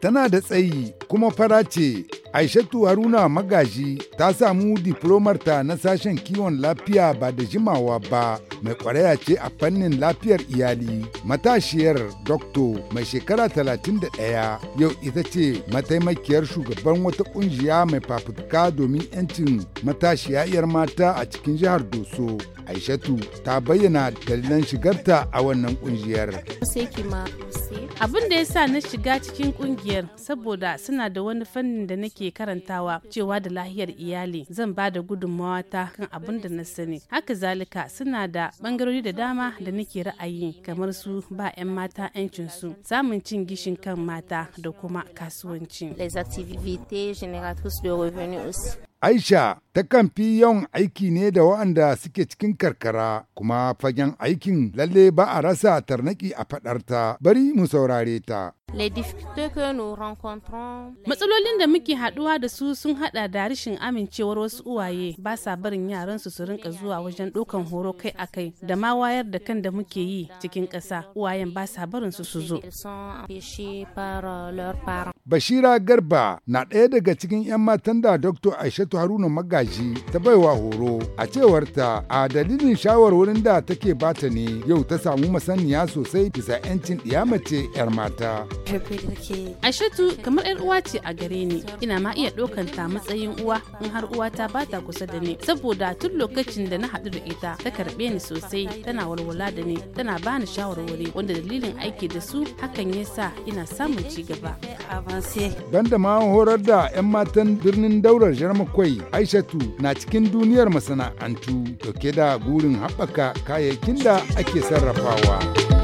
tana da tsayi kuma fara ce aishatu haruna magaji ta samu diplomarta na sashen kiwon lafiya ba da jimawa ba mai kwaraya ce a fannin lafiyar iyali matashiyar dokto mai shekara 31 yau ita ce mataimakiyar shugaban wata kungiya mai fafutuka domin 'yancin matashiyar mata a cikin jihar doso aishatu ta bayyana dalilan shigarta a wannan kungiyar abin da ya sa na shiga cikin kungiyar saboda suna da wani fannin da nake karantawa cewa da lahiyar iyali zan ba da gudunmawa ta kan abin da na sani haka zalika suna da bangarori da dama da nake ra'ayi kamar su ba 'yan mata 'yancin su samun cin gishin kan mata da kuma kasuwanci Aisha takan fi yawan aiki ne da waɗanda suke cikin karkara kuma fagen aikin lalle ba a rasa tarnaki a faɗarta bari mu saurare ta. Matsalolin da muke haɗuwa da su sun haɗa da rashin amincewar wasu uwaye ba sa barin yaransu su rinka zuwa wajen ɗaukan horo kai a kai da ma wayar da kan da muke yi cikin ƙasa uwayen ba sa barin su su zo. Euh, Bashira Garba na ɗaya daga cikin 'yan matan da Dr. Aishatu Haruna Magaji ji ta baiwa horo a cewarta a dalilin shawarwarin da take bata ne yau ta samu masaniya sosai bisa 'yancin mace 'yar mata. Aishatu kamar 'yar uwa ce a gare ni ina ma iya ɗaukan ta matsayin uwa in har uwa ta bata kusa da ni saboda tun lokacin da na haɗu da ita ta karɓe ni sosai tana walwala da ni tana bani shawarwari wanda dalilin aiki da su hakan ya sa ina samun ci gaba. Banda ma horar da 'yan matan birnin daular jarmakwai Aisha Talatu na cikin duniyar masana'antu dauke da gurin haɓaka kayayyakin da ake sarrafawa.